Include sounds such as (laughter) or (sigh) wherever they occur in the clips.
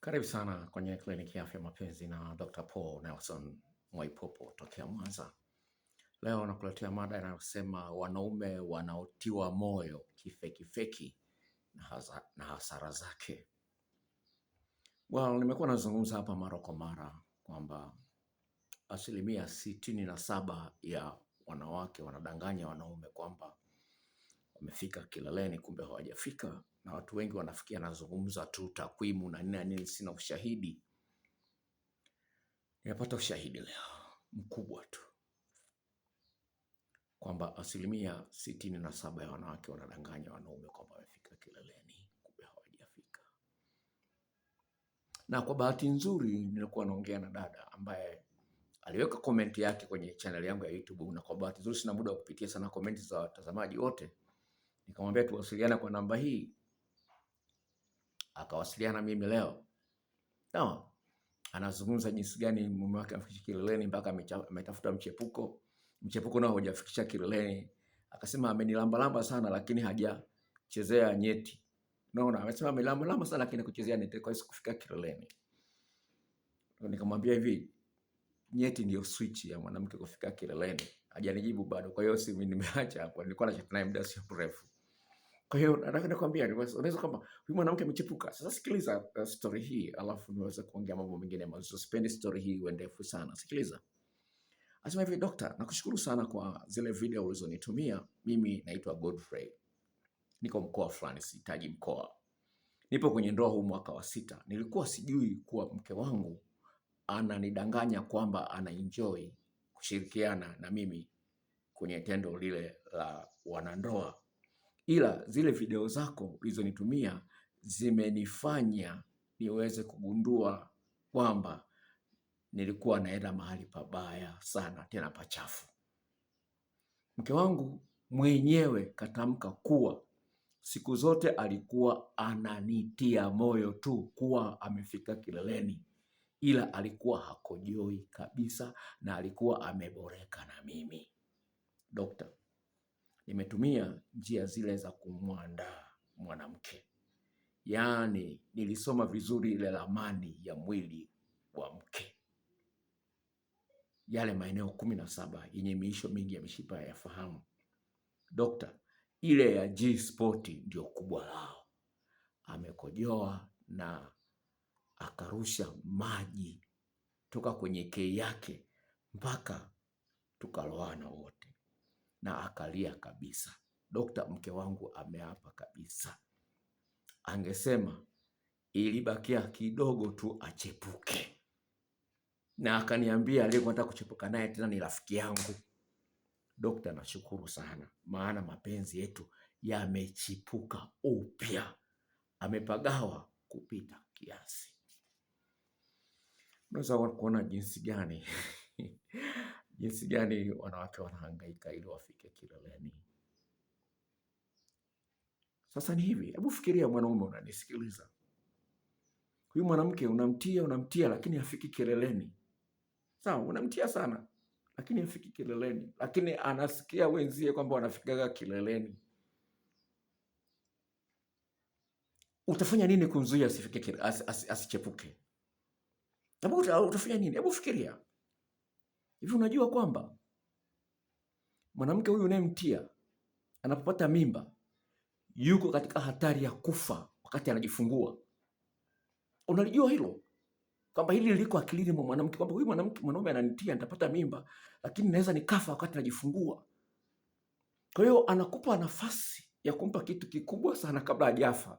Karibu sana kwenye kliniki ya afya mapenzi na Dr. Paul Nelson Mwaipopo tokea Mwanza. Leo nakuletea mada inayosema wanaume wanaotiwa moyo kifekifeki na hasara zake. Well, nimekuwa nazungumza hapa mara kwa mara kwamba asilimia sitini na saba ya wanawake wanadanganya wanaume kwamba wamefika kileleni, kumbe hawajafika. Na watu wengi wanafikia nazungumza tu takwimu na nini na nini, sina ushahidi. Nimepata ushahidi leo mkubwa tu kwamba asilimia sitini na saba ya wanawake wanadanganya wanaume kwamba wamefika kileleni, kumbe hawajafika. Na kwa bahati nzuri nilikuwa naongea na dada ambaye aliweka komenti yake kwenye channel yangu ya YouTube, na kwa bahati nzuri sina muda wa kupitia sana komenti za watazamaji wote nikamwambia tuwasiliane kwa namba hii, akawasiliana mimi leo no. Anazungumza jinsi gani mume wake amfikisha kileleni mpaka ametafuta mchepuko, mchepuko nao hujafikisha kileleni. Akasema amenilambalamba sana lakini hajachezea nyeti. Unaona, amesema amelambalamba sana lakini kuchezea nyeti, kwa hiyo kufika kileleni. Nikamwambia hivi, nyeti ndio switch ya mwanamke kufika kileleni. Hajanijibu bado, kwa hiyo simu nimeacha hapo. Nilikuwa na chat naye muda sio mrefu. Kwa hiyo nataka nikwambia, unaweza kwamba huyu mwanamke amechepuka. Sasa sikiliza uh, stori hii alafu niweze kuongea mambo mengine mazuri. Sipendi stori hii iwe ndefu sana. Sikiliza. Asema hivi, dokta, nakushukuru sana kwa zile video ulizonitumia. Mimi naitwa Godfrey, niko mkoa fulani, sihitaji mkoa. Nipo kwenye ndoa huu mwaka wa sita. Nilikuwa sijui kuwa mke wangu ananidanganya kwamba anaenjoy kushirikiana na mimi kwenye tendo lile la wanandoa ila zile video zako ulizonitumia zimenifanya niweze kugundua kwamba nilikuwa naenda mahali pabaya sana, tena pachafu. Mke wangu mwenyewe katamka kuwa siku zote alikuwa ananitia moyo tu kuwa amefika kileleni, ila alikuwa hakojoi kabisa na alikuwa ameboreka na mimi Dokta nimetumia njia zile za kumwandaa mwanamke, yaani nilisoma vizuri ile ramani ya mwili wa mke, yale maeneo kumi na saba yenye miisho mingi ya mishipa ya fahamu. Dokta, ile ya G spot ndio kubwa lao. Amekojoa na akarusha maji toka kwenye kei yake mpaka tukaloana wote na akalia kabisa. Dokta, mke wangu ameapa kabisa. Angesema ilibakia kidogo tu achepuke, na akaniambia aliyekuwa anataka kuchepuka naye tena ni rafiki yangu. Dokta, nashukuru sana, maana mapenzi yetu yamechipuka upya. Amepagawa kupita kiasi. Unaweza kuona jinsi gani (laughs) jinsi gani wanawake wanahangaika ili wafike kileleni. Sasa ni hivi, hebu fikiria mwanaume unanisikiliza. Huyu mwanamke unamtia unamtia, lakini hafiki kileleni. Sawa, unamtia sana, lakini hafiki kileleni, lakini anasikia wenzie kwamba wanafikaga kileleni. Utafanya nini kumzuia asifike, asichepuke? Utafanya nini? Hebu fikiria. Hivi unajua kwamba mwanamke huyu unayemtia anapopata mimba yuko katika hatari ya kufa wakati anajifungua? Unalijua hilo kwamba hili liko akilini mwa mwanamke kwamba huyu mwanamke mwanaume ananitia, nitapata mimba, lakini naweza nikafa wakati anajifungua Kwa hiyo anakupa nafasi ya kumpa kitu kikubwa sana kabla hajafa.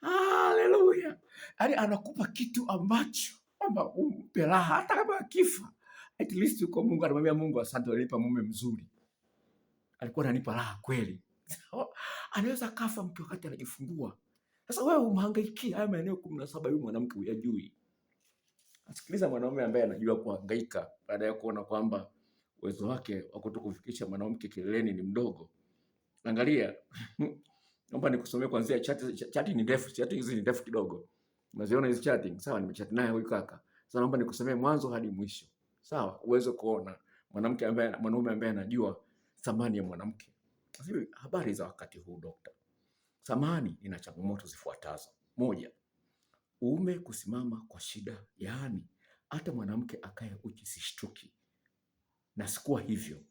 Haleluya! yaani anakupa kitu ambacho kwamba umpe raha, hata kama akifa, at least uko Mungu anamwambia Mungu, asante, alinipa mume mzuri, alikuwa ananipa raha kweli. Anaweza kafa mtu wakati anajifungua. Sasa wewe umhangaiki haya maeneo kumi na saba, huyu mwanamke huyajui. Asikiliza mwanaume ambaye anajua kuhangaika baada ya kuona kwamba uwezo wake wa kutokufikisha mwanamke kileleni ni mdogo. Angalia, (laughs) naomba nikusomee kuanzia chati. Chati ni ndefu, chati hizi ni ndefu kidogo. Unaziona hizo chatting? Sawa, nimechat naye huyu kaka. Sasa naomba nikusomee mwanzo hadi mwisho. Sawa, uweze kuona mwanamke ambaye mwanaume ambaye anajua thamani ya mwanamke. Sasa habari za wakati huu dokta. Thamani ina changamoto zifuatazo. Moja, uume kusimama kwa shida, yaani hata mwanamke akaye uchi sishtuki. Na sikuwa hivyo.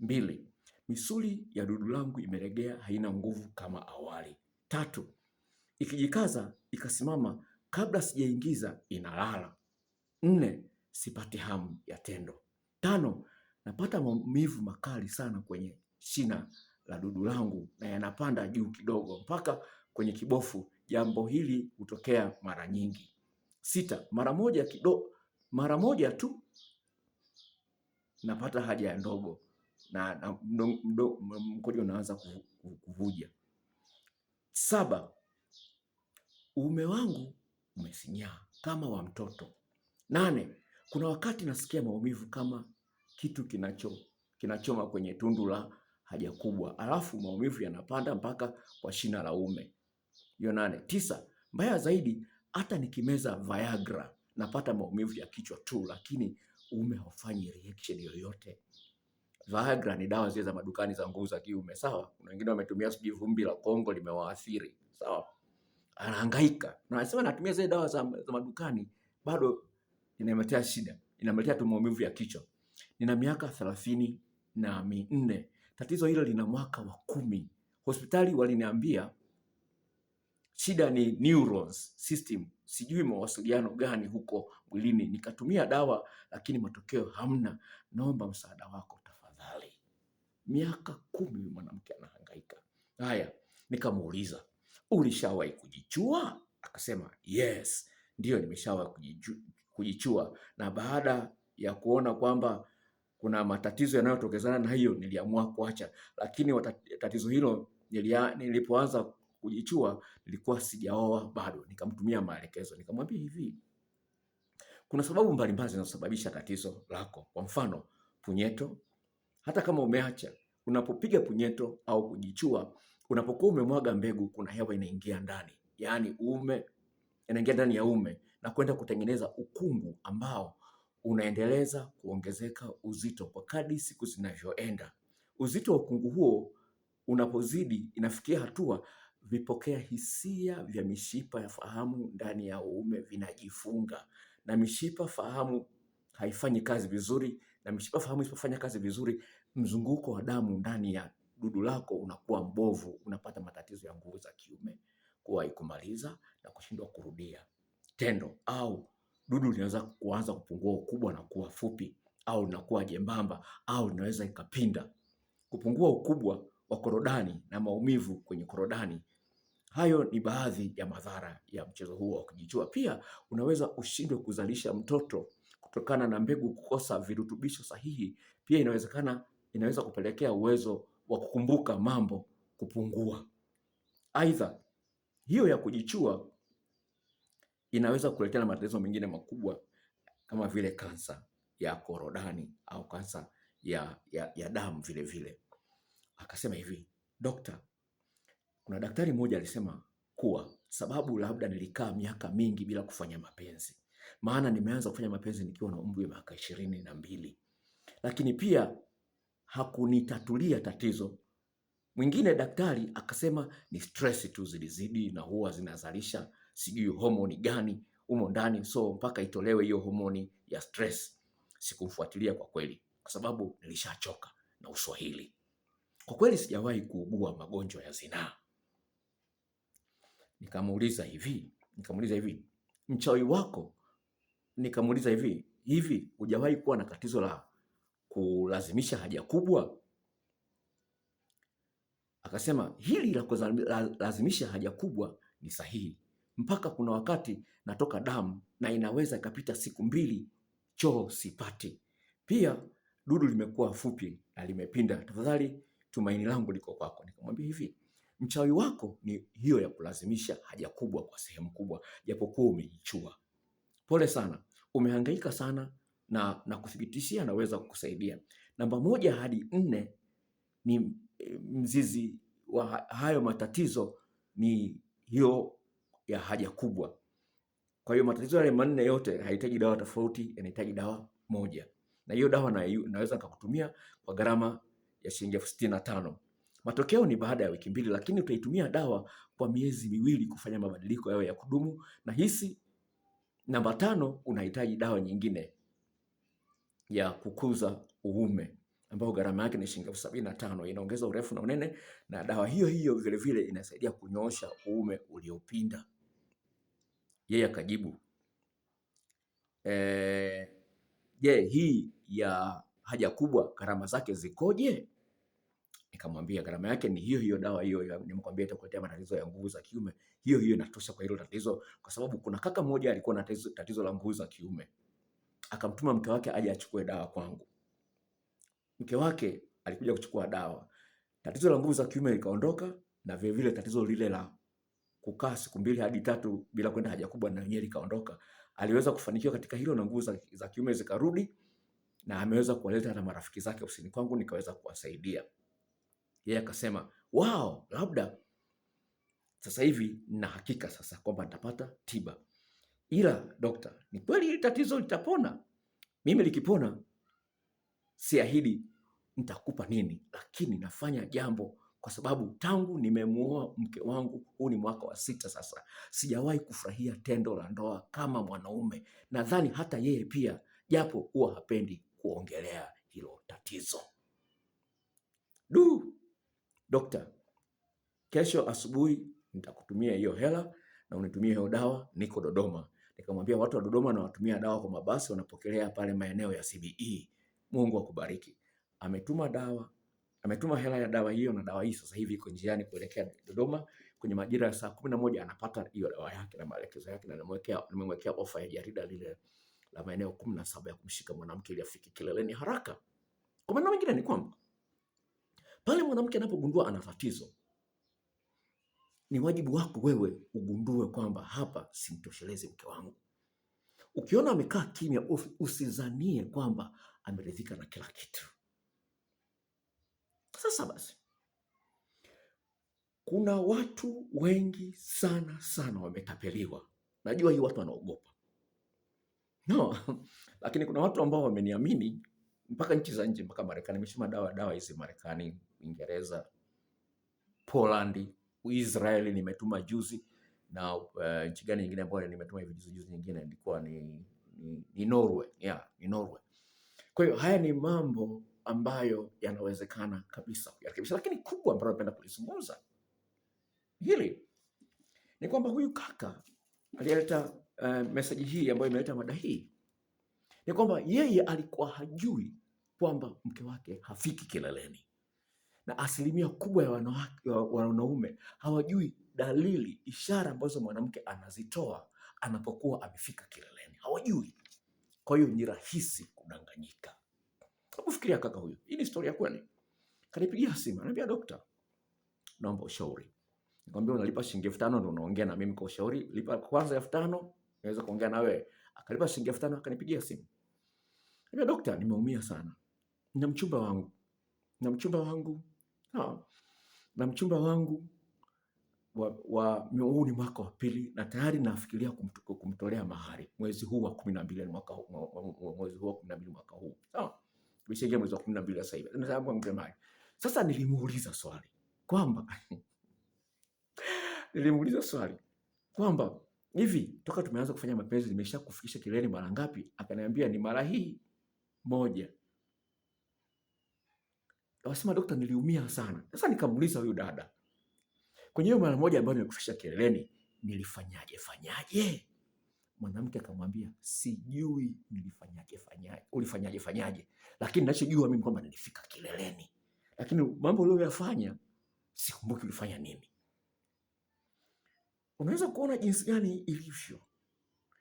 Mbili, misuli ya dudu langu imeregea, haina nguvu kama awali. Tatu, ikijikaza ikasimama, kabla sijaingiza inalala. Nne, sipati hamu ya tendo. Tano, napata maumivu makali sana kwenye shina la dudu langu na yanapanda juu kidogo mpaka kwenye kibofu. Jambo hili hutokea mara nyingi. Sita, mara moja kido, mara moja tu napata haja ya ndogo na, na mkojo unaanza kuvuja. Saba, uume wangu umesinyaa kama wa mtoto. Nane, kuna wakati nasikia maumivu kama kitu kinacho kinachoma kwenye tundu la haja kubwa, alafu maumivu yanapanda mpaka kwa shina la uume. Hiyo nane. Tisa, mbaya zaidi, hata nikimeza Viagra napata maumivu ya kichwa tu, lakini uume haufanyi reaction yoyote. Viagra ni dawa zile za madukani za nguvu za kiume, sawa. Kuna wengine wametumia sijui vumbi la Kongo limewaathiri, sawa anahangaika na anasema natumia zile dawa za, za madukani bado inamletea shida, inamletea tu maumivu ya kichwa. Nina miaka thelathini na minne, tatizo hilo lina mwaka wa kumi. Hospitali waliniambia shida ni neurons system, sijui mawasiliano gani huko mwilini. Nikatumia dawa lakini matokeo hamna. Naomba msaada wako tafadhali. Miaka kumi mwanamke anahangaika. Haya, nikamuuliza ulishawahi kujichua? Akasema yes, ndiyo nimeshawahi kujichua, na baada ya kuona kwamba kuna matatizo yanayotokezana na hiyo niliamua kuacha, lakini tatizo hilo nilia, nilipoanza kujichua nilikuwa sijaoa bado. Nikamtumia maelekezo, nikamwambia hivi, kuna sababu mbalimbali zinazosababisha tatizo lako. Kwa mfano punyeto, hata kama umeacha, unapopiga punyeto au kujichua Unapokuwa umemwaga mbegu, kuna hewa inaingia ndani, yaani ume inaingia ndani ya ume na kwenda kutengeneza ukungu ambao unaendeleza kuongezeka uzito kwa kadri siku zinavyoenda. Uzito wa ukungu huo unapozidi, inafikia hatua vipokea hisia vya mishipa ya fahamu ndani ya uume vinajifunga, na mishipa fahamu haifanyi kazi vizuri, na mishipa fahamu isipofanya kazi vizuri, mzunguko wa damu ndani ya dudu lako unakuwa mbovu, unapata matatizo ya nguvu za kiume, kuwa ikumaliza na kushindwa kurudia tendo, au dudu linaweza kuanza kupungua ukubwa na kuwa fupi au linakuwa jembamba au linaweza ikapinda. Kupungua ukubwa wa korodani na maumivu kwenye korodani, hayo ni baadhi ya madhara ya mchezo huo wa kujichua. Pia unaweza ushindwe kuzalisha mtoto kutokana na mbegu kukosa virutubisho sahihi. Pia inawezekana inaweza kupelekea uwezo wa kukumbuka mambo kupungua. Aidha, hiyo ya kujichua inaweza kuletea matatizo mengine makubwa kama vile kansa ya korodani au kansa ya, ya, ya damu vile vile. Akasema hivi dokta, kuna daktari mmoja alisema kuwa sababu labda nilikaa miaka mingi bila kufanya mapenzi, maana nimeanza kufanya mapenzi nikiwa na umri wa miaka ishirini na mbili, lakini pia hakunitatulia tatizo. Mwingine daktari akasema ni stress tu zilizidi, na huwa zinazalisha sijui homoni gani umo ndani, so mpaka itolewe hiyo homoni ya stress. Sikumfuatilia kwa kweli, kwa sababu nilishachoka na uswahili. Kwa kweli sijawahi kuugua magonjwa ya zinaa. Nikamuuliza hivi, nikamuuliza hivi, mchawi wako, nikamuuliza hivi hivi, hujawahi kuwa na tatizo la kulazimisha haja kubwa? Akasema hili la kulazimisha haja kubwa ni sahihi, mpaka kuna wakati natoka damu na inaweza ikapita siku mbili choo sipati. Pia dudu limekuwa fupi na limepinda, tafadhali tumaini langu liko kwako. Nikamwambia hivi, mchawi wako ni hiyo ya kulazimisha haja kubwa kwa sehemu kubwa, japokuwa umejichua. Pole sana, umehangaika sana na, na kuthibitishia naweza kukusaidia. Namba moja hadi nne ni eh, mzizi wa hayo matatizo ni hiyo ya haja kubwa. Kwa hiyo matatizo yale manne yote hayahitaji dawa tofauti, yanahitaji dawa moja, na hiyo dawa na, naweza nikakutumia kwa gharama ya shilingi elfu sitini na tano. Matokeo ni baada ya wiki mbili, lakini utaitumia dawa kwa miezi miwili kufanya mabadiliko yao ya kudumu na hisi. Namba tano, unahitaji dawa nyingine ya kukuza uume ambayo gharama yake ni shilingi elfu sabini na tano. Inaongeza urefu na unene, na dawa hiyo hiyo vile vile inasaidia kunyoosha uume uliopinda. Yeye akajibu e, je, hii ya haja kubwa gharama zake zikoje? Nikamwambia gharama yake ni hiyo hiyo, dawa hiyo nimekuambia itakuletea matatizo ya nguvu za kiume, hiyo hiyo inatosha kwa hilo tatizo, kwa sababu kuna kaka mmoja alikuwa na tatizo la nguvu za kiume akamtuma mke wake aje achukue dawa kwangu. Mke wake alikuja kuchukua dawa, tatizo la nguvu za kiume likaondoka, na vile vile tatizo lile la kukaa siku mbili hadi tatu bila kwenda haja kubwa na yenyewe likaondoka. Aliweza kufanikiwa katika hilo na nguvu za, za kiume zikarudi, na ameweza kuwaleta na marafiki zake usini kwangu nikaweza kuwasaidia. Yeye akasema wow, labda sasa hivi na hakika sasa kwamba nitapata tiba. Ila dokta, ni kweli hili tatizo litapona? Mimi likipona, siahidi nitakupa nini, lakini nafanya jambo kwa sababu tangu nimemuoa mke wangu, huu ni mwaka wa sita sasa, sijawahi kufurahia tendo la ndoa kama mwanaume. Nadhani hata yeye pia, japo huwa hapendi kuongelea hilo tatizo. Du, dokta, kesho asubuhi nitakutumia hiyo hela na unitumie hiyo dawa. Niko Dodoma, nikamwambia watu wa Dodoma na watumia dawa kwa mabasi wanapokelea pale maeneo ya CBE. Mungu akubariki. Ametuma dawa, ametuma hela ya dawa hiyo na dawa hii sasa hivi iko njiani kuelekea Dodoma kwenye majira ya saa kumi na moja anapata hiyo dawa yake na maelekezo yake na nimemwekea ofa ya jarida lile la maeneo kumi na saba ya kumshika mwanamke ili afike kileleni haraka. Kwa maana mengine ni kwamba pale mwanamke anapogundua ana tatizo ni wajibu wako wewe ugundue kwamba hapa simtoshelezi mke wangu. Ukiona amekaa kimya, usizanie kwamba ameridhika na kila kitu. Sasa basi, kuna watu wengi sana sana wametapeliwa. Najua hii watu wanaogopa no, (laughs) lakini kuna watu ambao wameniamini mpaka nchi za nje, mpaka Marekani. Nimeshima dawa dawa hizi Marekani, Uingereza, Polandi Israeli nimetuma juzi na uh, nchi gani nyingine ambayo nimetuma hivi juzi juzi nyingine ilikuwa ni, ni, ni Norway. Yeah, ni Norway. Kwa hiyo haya ni mambo ambayo yanawezekana kabisa kuyarekebisha, lakini kubwa ambayo napenda kulizungumza hili ni kwamba huyu kaka aliyeleta uh, eh, meseji hii ambayo imeleta mada hii ni kwamba yeye alikuwa hajui kwamba mke wake hafiki kileleni na asilimia kubwa ya wanawake, wanaume hawajui dalili, ishara ambazo mwanamke anazitoa anapokuwa amefika kileleni, hawajui. Kwa hiyo ni rahisi kudanganyika. Hebu fikiria kaka huyu, hii ni stori ya kweli. Kanipigia simu, anambia dokta, naomba ushauri. Nikamwambia unalipa shilingi elfu tano ndio unaongea na mimi kwa ushauri, lipa kwanza elfu tano naweza kuongea na wewe. Akalipa shilingi elfu tano akanipigia simu. Nikamwambia dokta, nimeumia sana. Na mchumba wangu. Na mchumba wangu Sawa. Na mchumba wangu wa, wa huu ni mwaka wa pili na tayari nafikiria kumtolea mahari mwezi huu wa 12 mwaka huu mwezi huu wa 12 mwaka huu. Sawa. Tumeshaingia mwezi wa 12 sasa hivi. Nataka kumpe mahari. Sasa nilimuuliza swali kwamba (laughs) nilimuuliza swali kwamba hivi toka tumeanza kufanya mapenzi nimesha kufikisha kileleni mara ngapi? Akaniambia ni mara hii moja. Wasema dokta, niliumia sana. Sasa nikamuuliza huyu dada, kwenye hiyo mara moja ambayo nimekufikisha kileleni, nilifanyaje fanyaje? Mwanamke akamwambia sijui nilifanyaje fanyaje, ulifanyaje fanyaje, lakini ninachojua mimi kwamba nilifika kileleni, lakini mambo uliyoyafanya sikumbuki ulifanya nini. Unaweza kuona jinsi gani ilivyo.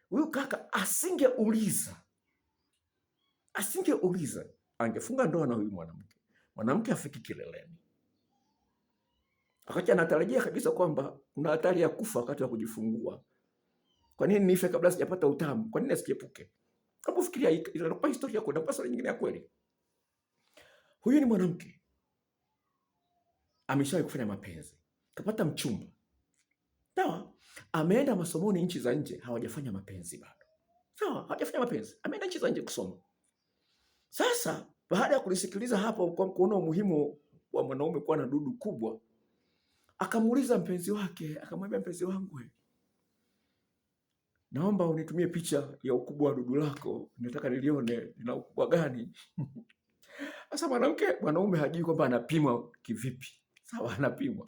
Huyu kaka asingeuliza, asingeuliza, angefunga ndoa na huyu mwanamke mwanamke afiki kileleni, wakati anatarajia kabisa kwamba kuna hatari ya kufa wakati wa kujifungua. Kwa nini nife kabla sijapata utamu? Kwa nini asiepuke? Hebu fikiria, inakupa historia kwenda kwa sura nyingine ya kweli. Huyu ni mwanamke ameshawahi kufanya mapenzi, kapata mchumba, sawa. Ameenda masomoni nchi za nje, hawajafanya mapenzi bado, sawa, hawajafanya mapenzi, ameenda nchi za nje kusoma. Sasa baada ya kulisikiliza hapo kwa kuona umuhimu wa mwanaume kuwa na dudu kubwa, akamuuliza mpenzi wake, akamwambia mpenzi wangu, naomba unitumie picha ya ukubwa wa dudu lako, nataka nilione lina ukubwa gani? (laughs) Sasa mwanamke, mwanaume hajui kwamba anapimwa kivipi. Sawa, anapimwa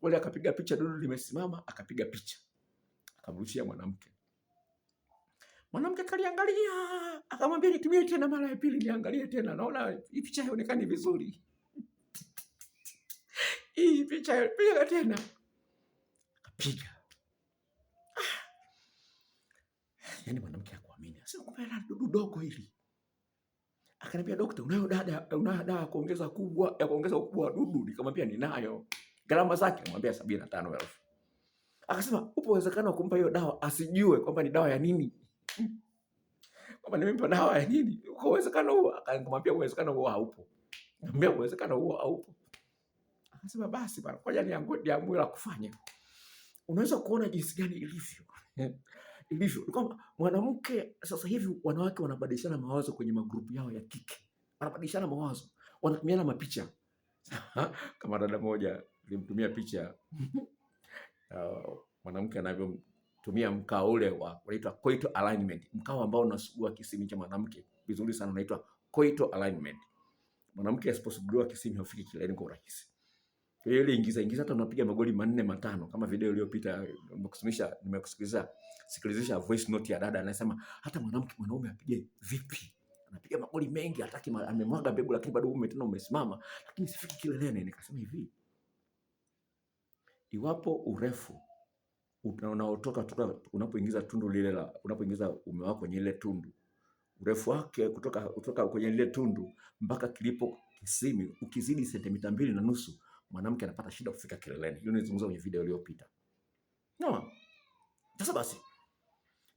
wale, akapiga picha, dudu limesimama, akapiga picha akamrushia mwanamke. Mwanamke kaliangalia akamwambia, nitumie tena mara ya pili, niangalie tena, naona hii picha haionekani vizuri (laughs) hii picha, piga tena, piga ah. Yani mwanamke akuamini, dudu dogo hili. Akaniambia, daktari, unayo dada, unayo dawa kuongeza kubwa ya kuongeza ukubwa wa dudu? Nikamwambia ninayo. Gharama zake nimwambia sabini na tano elfu. Akasema upo uwezekano wa kumpa hiyo dawa asijue kwamba ni dawa ya nini? kwamba nimempa dawa ya nini, uko uwezekano huo? Akamwambia uwezekano huo haupo, nikamwambia uwezekano huo haupo. Akasema basi bana, ngoja niamue la kufanya. Unaweza kuona jinsi gani ilivyo (laughs) ilivyo ni kwamba mwanamke sasa hivi, wanawake wanabadilishana mawazo kwenye magrupu yao ya kike, wanabadilishana mawazo, wanatumiana mapicha (laughs) kama dada moja nilimtumia picha uh, (laughs) mwanamke anavyo tumia mkao ule wa unaitwa coital alignment, mkao ambao unasugua kisimi cha mwanamke vizuri sana, unaitwa coital alignment. Mwanamke asiposugua kisimi hafiki kileleni kwa urahisi. Kwa hiyo ile ingiza ingiza, hata unapiga magoli manne matano, kama video iliyopita nimekusimisha, nimekusikiliza sikilizisha voice note ya dada anasema, hata mwanamke mwanaume apige vipi, anapiga magoli mengi, hataki amemwaga mbegu, lakini bado uume tena umesimama, lakini sifiki kileleni. Nikasema hivi, iwapo urefu unaotoka unapoingiza tundu lile la unapoingiza ume wako kwenye ile tundu, urefu wake kutoka, kutoka kwenye ile tundu mpaka kilipo kisimi, ukizidi sentimita mbili na nusu mwanamke anapata shida kufika kileleni. Hiyo nilizungumza kwenye video iliyopita. Noma. Sasa basi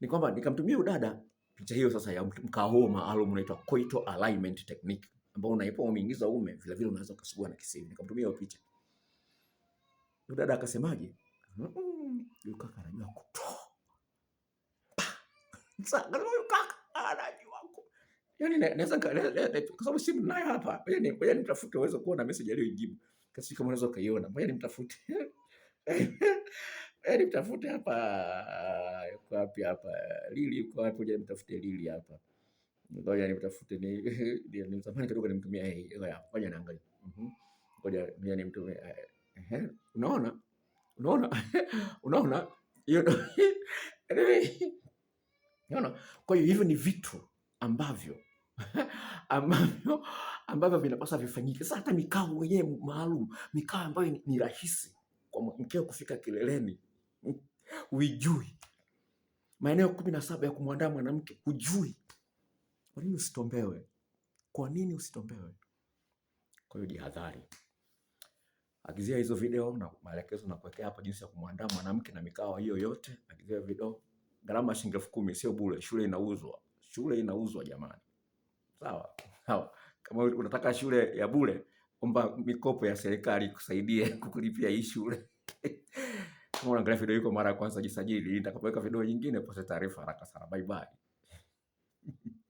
ni kwamba nikamtumia udada picha hiyo sasa ya mkao huo maalum unaitwa coito alignment technique ambao unaipo umeingiza ume vile vile unaweza kusugua na kisimi. Nikamtumia hiyo picha. Udada akasemaje? Yule kaka anajua kutoa. Sasa yule kaka anajua kutoa. Yaani naweza kwa sababu simu nayo hapa. Yaani ngoja nimtafute uweze kuona message aliyoijibu. Kasi kama unaweza kaiona. Ngoja nimtafute. Yaani (laughs) mtafute hapa yuko wapi hapa? Lili yuko wapi? Ngoja nimtafute Lili hapa. Ngoja nimtafute ni (laughs) ni zamani kidogo nimtumia yeye. Ngoja naangalia. Mhm. Ngoja nimtumie. Eh, eh, eh. Unaona? Unaona? (laughs) Unaona? (laughs) Unaona? Kwa hiyo hivyo ni vitu ambavyo (laughs) ambavyo ambavyo vinapaswa vifanyike. Sasa hata mikao wenyewe maalum, mikao ambayo ni rahisi kwa mkeo kufika kileleni huijui, maeneo kumi na saba ya kumwandaa mwanamke hujui. Kwa nini usitombewe? Kwa nini usitombewe? Kwa hiyo jihadhari. Agizia hizo video na maelekezo na kuwekea hapa jinsi ya kumwandaa mwanamke na mikawa hiyo yote. Agizia video, gharama shilingi elfu kumi sio bure, shule inauzwa. Shule inauzwa jamani. Sawa. Sawa. Kama unataka shule ya bure, omba mikopo ya serikali kusaidie (laughs) kukulipia hii shule. (laughs) Kama unaangalia video hii kwa mara ya kwanza, jisajili. Nitakapoweka video nyingine, posta taarifa haraka sana. Bye bye. (laughs)